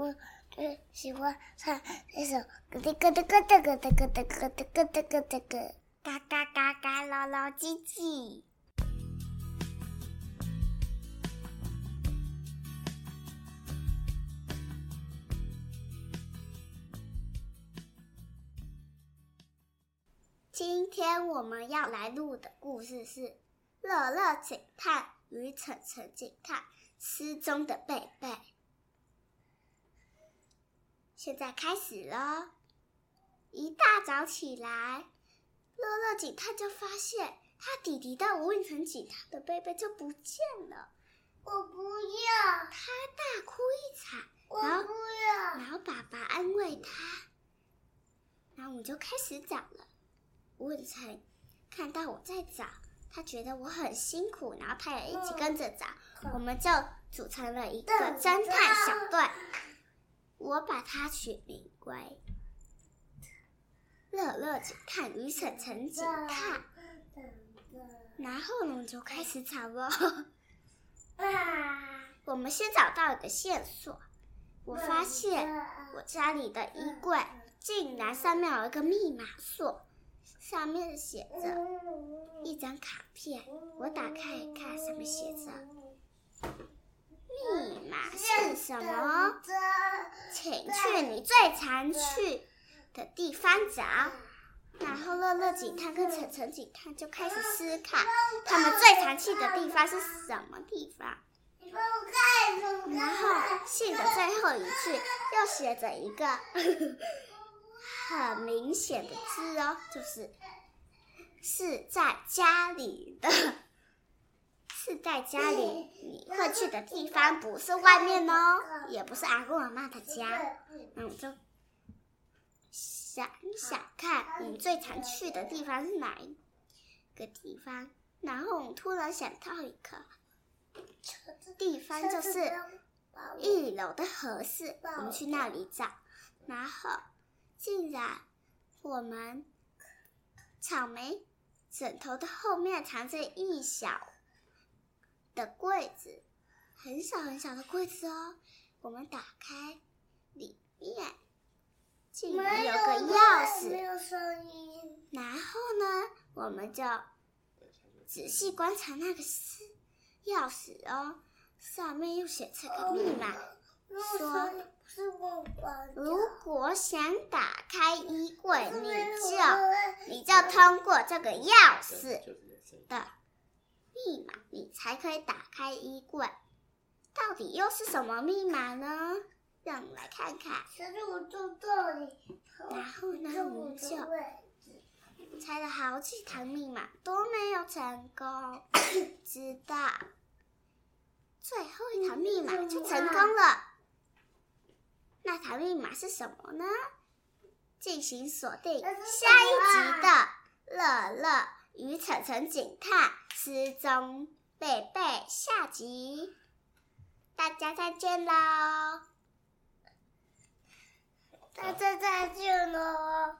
我最喜歡唱那首咯噠咯噠咯噠咯噠咯噠咯噠咯噠咯嘎嘎嘎嘎，老老唧唧。今天我們要來錄的故事是《樂樂警探與晨晨警探失蹤的被被》。現在開始了。一大早起來，樂樂警探就發現他弟弟到晨晨警探的被被就不見了。我不要！他大哭一場。然後我不要。然後爸爸安慰他，然後我們就開始找了。晨晨看到我在找，他覺得我很辛苦，然後他也一起跟着找。我們就組成了一個偵探小隊。我把它取名為，樂樂警探與晨晨警探，然後我們就開始找嘍。 我們先找到一個線索，我發現我家裡的衣櫃竟然上面有一個密碼鎖，上面寫着一張卡片，我打開一看，上面寫着密碼是什麼？請去你最常去的地方找，然後樂樂警探跟晨晨警探就開始思考，他們最常去的地方是什麼地方？然後信的最後一句又寫着一個很明顯的字哦，就是是在家裡的。在家裡，你會去的地方不是外面哦，也不是阿公阿媽的家。那我就想想看，你最常去的地方是哪一個地方？然後我們突然想到一個地方，就是一樓的和室，我們去那裡找，然後竟然我們草莓枕頭的後面藏着一小。的櫃子，很小很小的櫃子哦。我們打開，裡面竟然有個鑰匙。然後呢，我們就仔細觀察那個鑰匙哦，上面又寫這個密碼。哦，說如果想打開衣櫃，你就你就通過這個鑰匙的密碼，你才可以打開衣櫃。到底又是什麼密碼呢？讓我們來看看。然後呢，我就猜了好幾條密碼都沒有成功， 直到最後一條密碼就成功了。嗯啊、那條密碼是什麼呢？進行鎖定，啊嗯、下一集的樂樂。與晨晨警探失蹤被被下集，大家再見嘍！大家再見嘍！